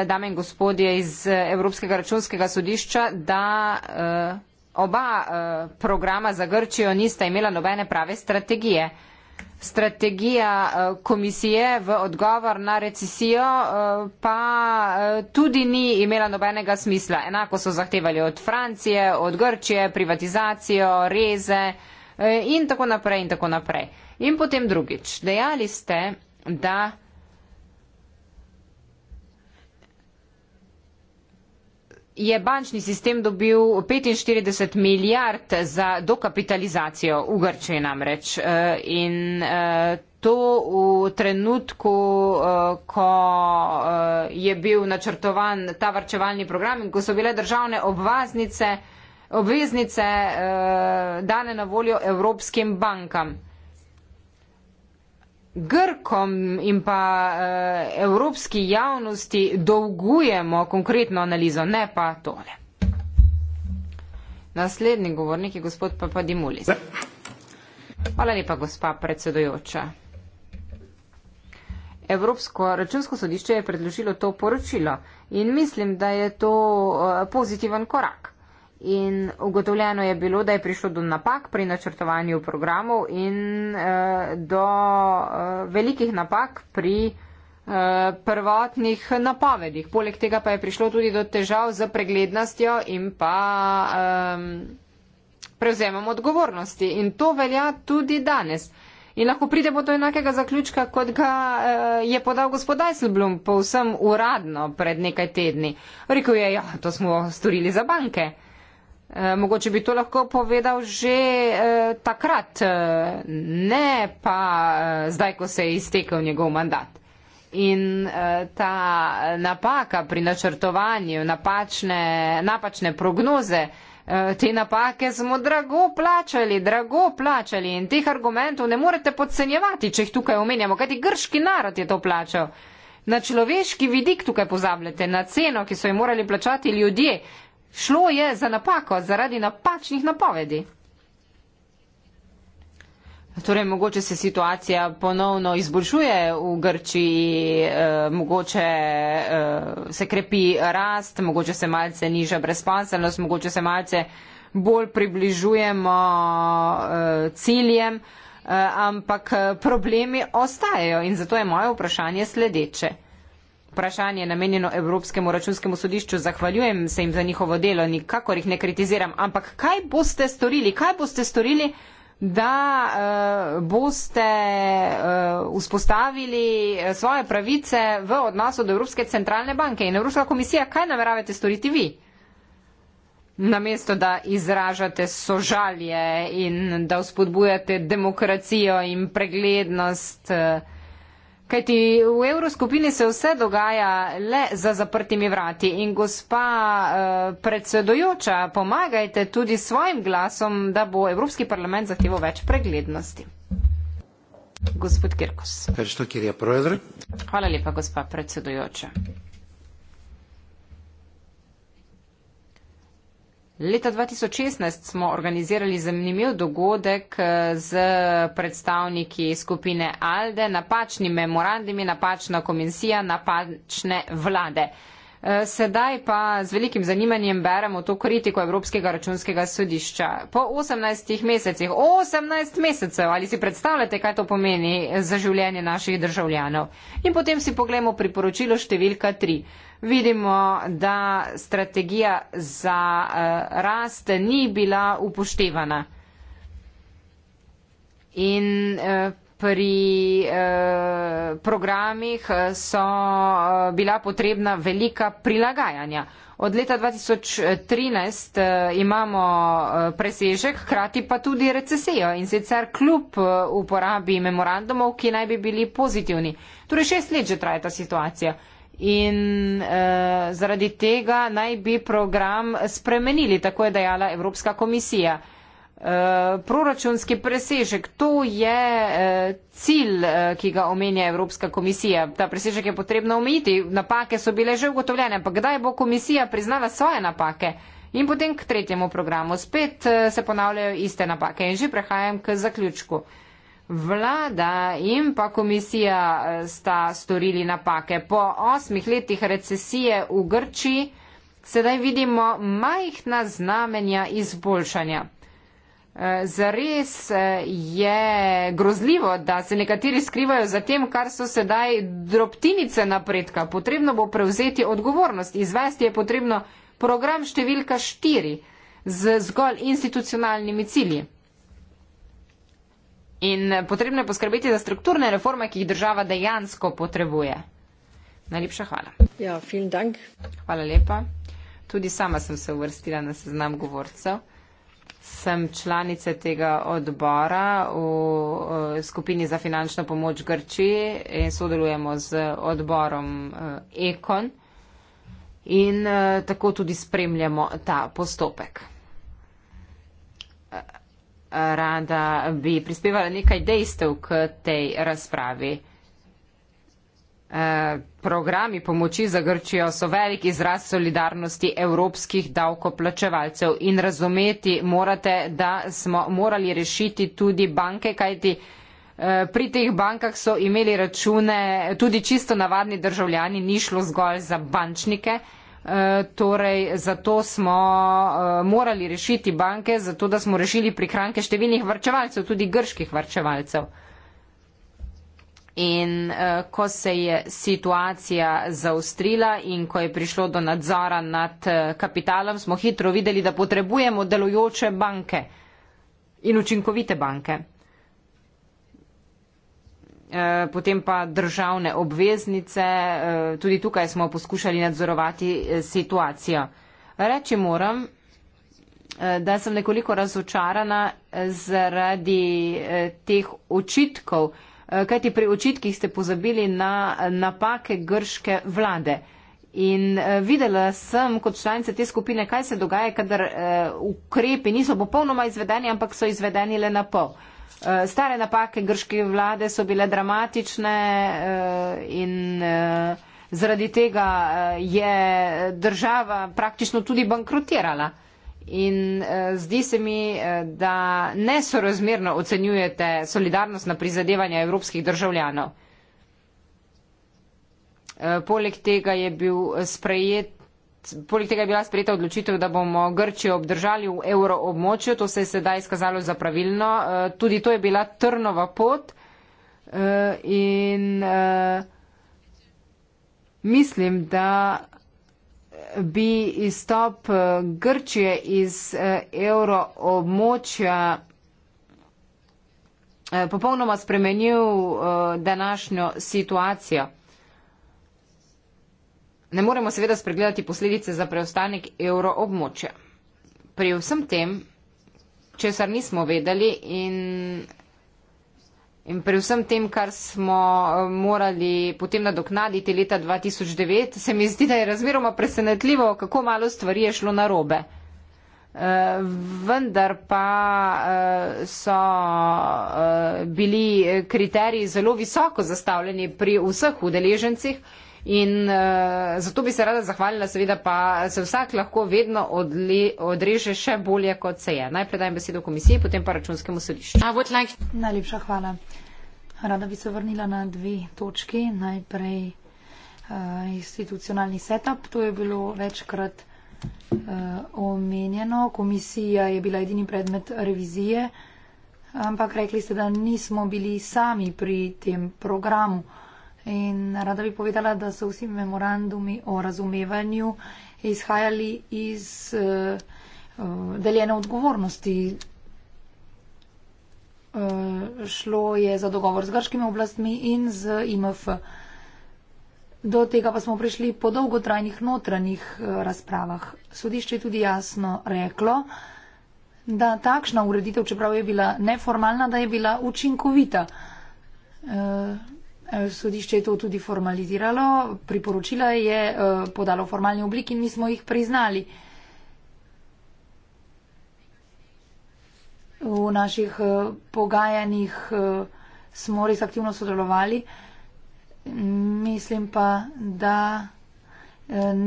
S3: dame in gospodje, iz Evropskega računskega sodišča, da oba programa za Grčijo nista imela nobene prave strategije strategija eh, komisije v odgovor na recesijo eh, pa eh, tudi ni imela nobenega smisla. Enako so zahtevali od Francije, od Grčije, privatizacijo, reze in tako naprej in tako naprej. In potem drugič. Dejali ste, da je bančni sistem dobil 45 milijard za dokapitalizacijo v Grčiji namreč. Eh, in eh, to v trenutku, eh, ko je bil načrtovan ta varčevalni program in ko so bile državne obveznice dane na voljo evropskim bankam. Grkom in pa uh, evropski javnosti dolgujemo konkretno analizo, ne pa tole. Naslednji govornik je gospod Papadimulis. Hvala lepa, gospa predsedojoča. Evropsko računsko sodišče je predložilo to poročilo in mislim, da je to uh, pozitiven korak. In ugotovljeno je bilo, da je prišlo do napak pri načrtovanju programov in uh, do uh, velikih napak pri uh, prvotnih napovedih. Poleg tega pa je prišlo tudi do težav z preglednostjo in pa um, prevzemom odgovornosti. In to velja tudi danes. In lahko pridemo do enakega zaključka, kot ga uh, je podal gospod Eiselblum povsem uradno pred nekaj tedni. Rekl je, ja, to smo storili za banke. Eh, mogoče bi to lahko povedal že eh, takrat, eh, ne pa eh, zdaj, ko se je iztekel njegov mandat. In eh, ta napaka pri načrtovanju, napačne, napačne prognoze, eh, te napake smo drago plačali, drago plačali in teh argumentov ne morete podcenjevati, če jih tukaj omenjamo, kajti grški narod je to plačal. Na človeški vidik tukaj pozabljate, na ceno, ki so jo morali plačati ljudje, Šlo je za napako zaradi napačnih napovedi. Torej, mogoče se situacija ponovno izboljšuje v Grčiji, eh, mogoče eh, se krepi rast, mogoče se malce niža brezpanselnost, mogoče se malce bolj približujemo eh, ciljem, eh, ampak eh, problemi ostajajo in zato je moje vprašanje sledeče vprašanje namenjeno Evropskemu računskemu sodišču. Zahvaljujem se jim za njihovo delo, nikakor jih ne kritiziram. Ampak kaj boste storili? Kaj boste storili? da uh, boste uh, vzpostavili eh, svoje pravice v odnosu do Evropske centralne banke in Evropska komisija, kaj nameravate storiti vi? Namesto, da izražate sožalje in da vzpodbujate demokracijo in preglednost. Uh, Kajti v Evroskupini se vse dogaja le za zaprtimi vrati in gospa eh, predsedojoča, pomagajte tudi svojim glasom, da bo Evropski parlament zahteval več preglednosti. Gospod Kirkos. Hvala lepa, gospa predsedojoča. Leta 2016 smo organizirali zanimiv dogodek eh, z predstavniki skupine ALDE, napačni memorandumi, napačna komisija, napačne vlade. Eh, sedaj pa z velikim zanimanjem beremo to kritiko Evropskega računskega sodišča. Po 18 mesecih, 18 mesecev, ali si predstavljate, kaj to pomeni za življenje naših državljanov? In potem si pogledamo priporočilo številka 3 vidimo, da strategija za eh, rast ni bila upoštevana. In eh, pri eh, programih so bila potrebna velika prilagajanja. Od leta 2013 imamo presežek, hkrati pa tudi recesijo in sicer kljub uporabi memorandumov, ki naj bi bili pozitivni. Torej šest let že traja ta situacija in uh, zaradi tega naj bi program spremenili, tako je dejala Evropska komisija. Uh, proračunski presežek, to je uh, cilj, uh, ki ga omenja Evropska komisija. Ta presežek je potrebno omejiti. Napake so bile že ugotovljene, ampak kdaj bo komisija priznala svoje napake? In potem k tretjemu programu. Spet uh, se ponavljajo iste napake. In že prehajam k zaključku. Uh, vlada in pa komisija eh, sta storili napake. Po osmih letih recesije v Grčiji sedaj vidimo majhna znamenja izboljšanja. Eh, zares eh, je grozljivo, da se nekateri skrivajo za tem, kar so sedaj drobtinice napredka. Potrebno bo prevzeti odgovornost, izvesti je potrebno program številka štiri z zgolj institucionalnimi cilji. In potrebno je poskrbeti za strukturne reforme, ki jih država dejansko potrebuje. Najlepša hvala.
S1: Ja, dank.
S3: Hvala lepa. Tudi sama sem se uvrstila na seznam govorcev. Sem članica tega odbora v eh, skupini za finančno pomoč Grčiji in sodelujemo z odborom eh, Ekon in eh, tako tudi spremljamo ta postopek rada bi prispevala nekaj dejstev k tej razpravi. Eh, programi pomoči za Grčijo so velik izraz solidarnosti evropskih davkoplačevalcev in razumeti morate, da smo morali rešiti tudi banke, kajti eh, pri teh bankah so imeli račune tudi čisto navadni državljani, ni šlo zgolj za bančnike. Eh, torej, zato smo eh, morali rešiti banke, zato da smo rešili prihranke številnih varčevalcev, tudi grških varčevalcev. In uh, ko se je situacija zaustrila in ko je prišlo do nadzora nad uh, kapitalom, smo hitro videli, da potrebujemo delujoče banke in učinkovite banke. Eh, potem pa državne obveznice. Eh, tudi tukaj smo poskušali nadzorovati eh, situacijo. Reči moram, da sem nekoliko razočarana zaradi teh očitkov, kajti pri očitkih ste pozabili na napake grške vlade. In videla sem kot članica te skupine, kaj se dogaja, kadar ukrepi niso popolnoma izvedeni, ampak so izvedeni le na pol. Eh, stare napake grške vlade so bile dramatične eh, in eh, zaradi tega je država praktično tudi bankrotirala. In eh, zdi se mi, da nesorazmerno ocenjujete solidarnost na prizadevanja evropskih državljanov. Eh, poleg tega je bil sprejet Poleg tega je bila sprejeta odločitev, da bomo Grčijo obdržali v euroobmočju, to se je sedaj izkazalo za pravilno. E, tudi to je bila trnova pot e, in e, mislim, da bi izstop Grčije iz euroobmočja popolnoma spremenil današnjo situacijo. Ne moremo seveda spregledati posledice za preostanek evroobmočja. Pri vsem tem, česar nismo vedeli in, in pri vsem tem, kar smo eh, morali potem nadoknaditi leta 2009, se mi zdi, da je razmeroma presenetljivo, kako malo stvari je šlo narobe. Eh, vendar pa eh, so bili kriteriji zelo visoko zastavljeni pri vseh udeležencih. In uh, zato bi se rada zahvalila, seveda pa se vsak lahko vedno odle, odreže še bolje, kot se je. Najprej dajem besedo komisiji, potem pa računskemu sodišču.
S1: Like... Najlepša hvala. Rada bi se vrnila na dve točki. Najprej uh, institucionalni setup, to je bilo večkrat uh, omenjeno. Komisija je bila edini predmet revizije, ampak rekli ste, da nismo bili sami pri tem programu. Uh, In rada bi povedala, da so vsi memorandumi o razumevanju izhajali iz uh, deljene odgovornosti. Uh, šlo je za dogovor z grškimi oblastmi in z IMF. Do tega pa smo prišli po dolgotrajnih notranjih eh, razpravah. Sodišče je tudi jasno reklo, da takšna ureditev, čeprav je bila neformalna, da je bila učinkovita. Uh, Eh, sodišče je to tudi formaliziralo, priporočila je eh, podalo v formalni obliki in mi smo jih priznali. V naših eh, pogajanjih smo res aktivno sodelovali. Mislim pa, da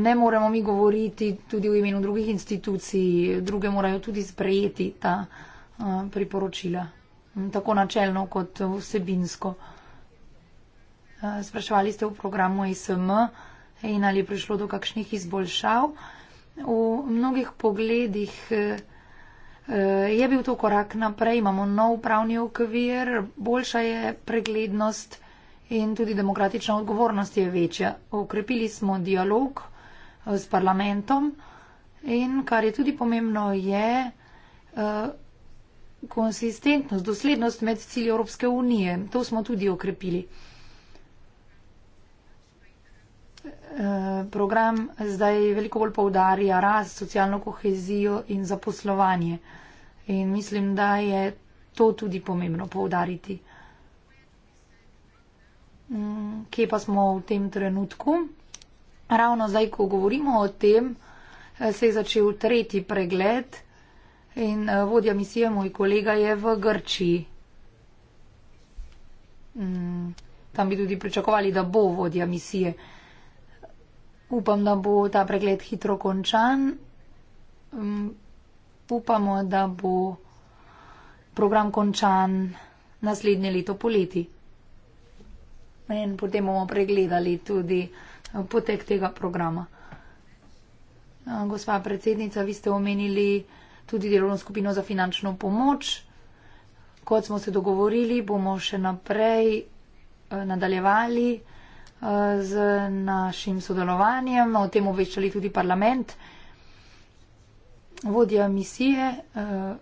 S1: ne moremo mi govoriti tudi v imenu drugih institucij, druge morajo tudi sprejeti ta priporočila, tako načelno kot vsebinsko. Eh, spraševali ste v programu ISM in ali je prišlo do kakšnih izboljšav. V mnogih pogledih eh, eh, je bil to korak naprej, imamo nov pravni okvir, boljša je preglednost in tudi demokratična odgovornost je večja. Okrepili smo dialog s parlamentom in kar je tudi pomembno je konsistentnost, doslednost med cilji Evropske unije. To smo tudi okrepili. Eh, program zdaj veliko bolj poudarja rast, socialno kohezijo in zaposlovanje. In mislim, da je to tudi pomembno poudariti. Mm, kje pa smo v tem trenutku? Ravno zdaj, ko govorimo o tem, eh, se je začel tretji pregled in eh, vodja misije, moj kolega, je v Grčiji. Mm, tam bi tudi pričakovali, da bo vodja misije. Upam, da bo ta pregled hitro končan. Um, upamo, da bo program končan naslednje leto poleti. In potem bomo pregledali tudi eh, potek tega programa. Eh, gospa predsednica, vi ste omenili tudi delovno skupino za finančno pomoč. Kot smo se dogovorili, bomo še naprej eh, nadaljevali z našim sodelovanjem, o tem obveščali tudi parlament. Vodja misije, eh,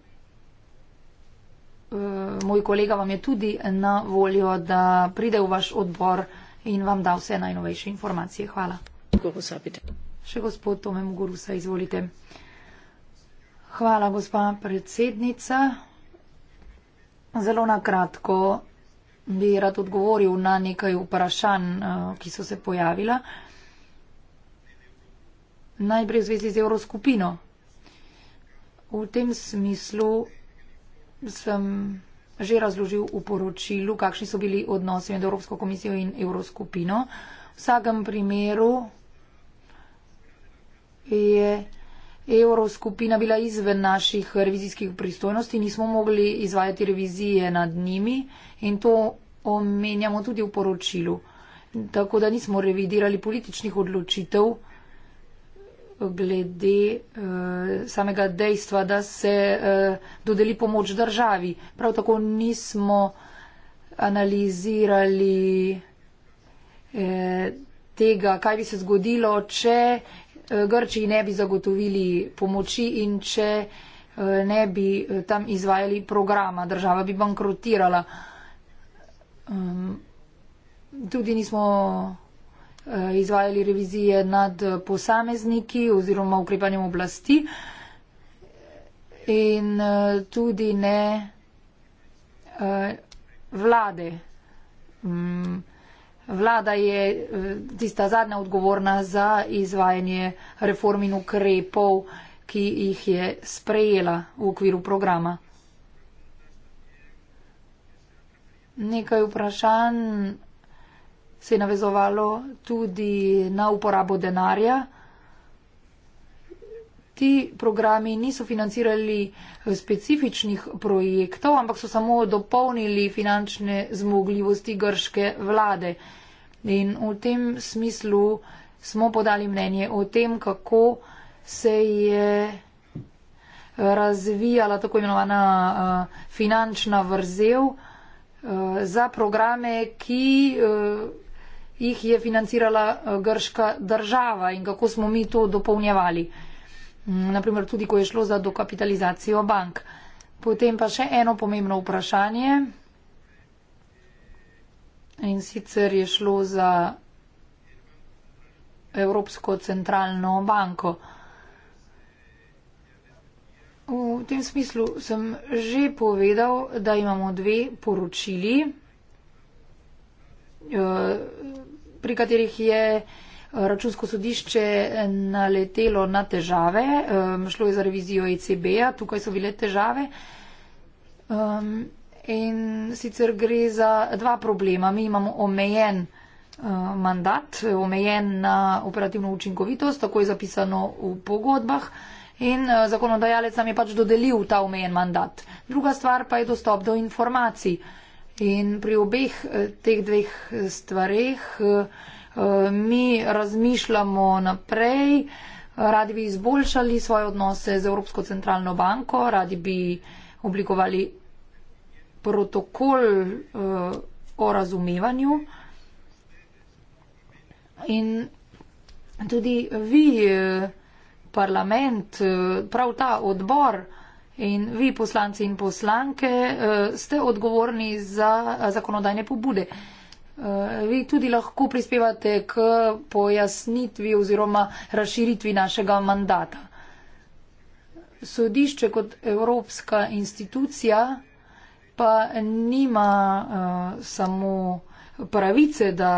S1: eh, moj kolega vam je tudi na voljo, da pride v vaš odbor in vam da vse najnovejše informacije. Hvala. Še gospod Tomem Gurusa, izvolite. Hvala, gospa predsednica. Zelo na kratko bi rad odgovoril na nekaj vprašanj, eh, ki so se pojavila. Najprej v zvezi z evroskupino. V tem smislu sem že razložil v poročilu, kakšni so bili odnosi med Evropsko komisijo in evroskupino. V vsakem primeru je evrov skupina bila izven naših revizijskih pristojnosti, nismo mogli izvajati revizije nad njimi in to omenjamo tudi v poročilu. Tako da nismo revidirali političnih odločitev glede eh, samega dejstva, da se eh, dodeli pomoč državi. Prav tako nismo analizirali eh, tega, kaj bi se zgodilo, če Eh, Grčiji ne bi zagotovili pomoči in če eh, ne bi eh, tam izvajali programa, država bi bankrotirala. Ehm, tudi nismo izvajali revizije nad posamezniki oziroma ukrepanjem oblasti in tudi ne vlade. Mm, vlada je eh, tista zadnja odgovorna za izvajanje reform in ukrepov, ki jih je sprejela v okviru programa. Nekaj vprašanj se je navezovalo tudi na uporabo denarja ti programi niso financirali eh, specifičnih projektov, ampak so samo dopolnili finančne zmogljivosti grške vlade. In v tem smislu smo podali mnenje o tem, kako se je eh, razvijala tako imenovana eh, finančna vrzel za programe, ki jih je financirala grška država in kako smo mi to dopolnjevali naprimer tudi, ko je šlo za dokapitalizacijo bank. Potem pa še eno pomembno vprašanje in sicer je šlo za Evropsko centralno banko. V tem smislu sem že povedal, da imamo dve poročili, eh, pri katerih je računsko sodišče naletelo na težave. Um, šlo je za revizijo ECB-a, tukaj so bile težave. Um, in sicer gre za dva problema. Mi imamo omejen e, mandat, omejen na operativno učinkovitost, tako je zapisano v pogodbah in e, zakonodajalec nam je pač dodelil ta omejen mandat. Druga stvar pa je dostop do informacij in pri obeh e, teh dveh stvareh Eh, mi razmišljamo naprej, radi bi izboljšali svoje odnose z Evropsko centralno banko, radi bi oblikovali protokol eh, o razumevanju. In tudi vi, eh, parlament, prav ta odbor in vi, poslanci in poslanke, ste odgovorni za zakonodajne pobude. Eh, vi tudi lahko prispevate k pojasnitvi oziroma razširitvi našega mandata. Sodišče kot evropska institucija pa nima eh, samo pravice, da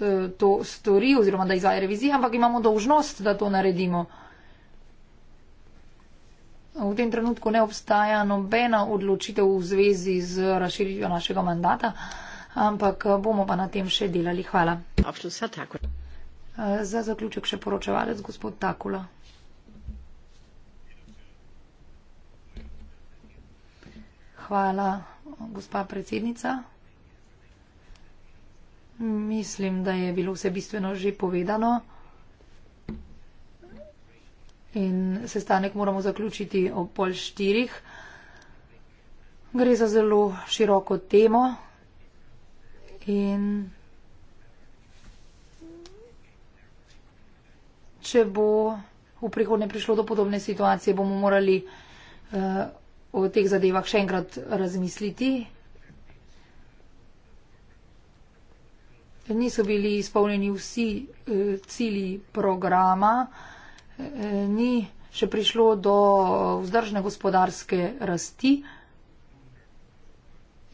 S1: eh, to stori oziroma da izvaja revizijo, ampak imamo dolžnost, da to naredimo. V tem trenutku ne obstaja nobena odločitev v zvezi z razširitvijo našega mandata. Uh, ampak eh, bomo pa na tem še delali. Hvala. Eh, za zaključek še poročevalec, gospod Takula. Hvala, gospa predsednica. Mislim, da je bilo vse bistveno že povedano. In sestanek moramo zaključiti ob pol štirih. Gre za zelo široko temo. In če bo v prihodnje prišlo do podobne situacije, bomo morali uh, o teh zadevah še enkrat razmisliti. Niso bili izpolnjeni vsi uh, eh, cili programa, uh, ni še prišlo do vzdržne gospodarske rasti.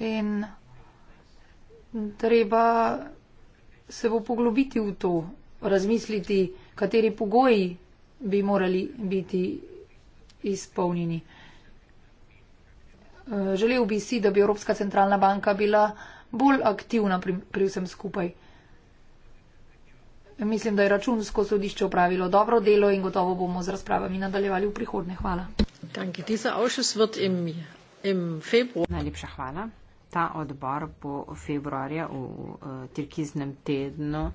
S1: In treba se bo poglobiti v to, razmisliti, kateri pogoji bi morali biti izpolnjeni. Želel bi si, da bi Evropska centralna banka bila bolj aktivna pri, pri vsem skupaj. Mislim, da je računsko sodišče opravilo dobro delo in gotovo bomo z razpravami nadaljevali v prihodnje. Hvala. Danke, Im, Im Najlepša hvala ta odbor bo februarja v
S3: eh, tirkiznem tednu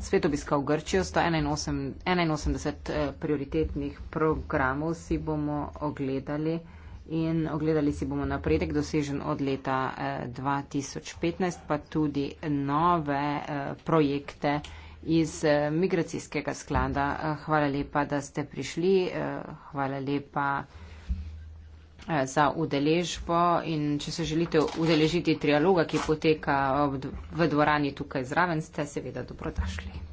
S3: svet obiskal Grčijo. 181 eh, prioritetnih programov si bomo ogledali in ogledali si bomo napredek dosežen od leta 2015, eh, pa tudi nove projekte iz migracijskega sklada. Hvala lepa, da ste prišli. Hvala lepa. Eh, za udeležbo in če se želite udeležiti trialoga, ki poteka v dvorani tukaj zraven, ste seveda dobrodošli.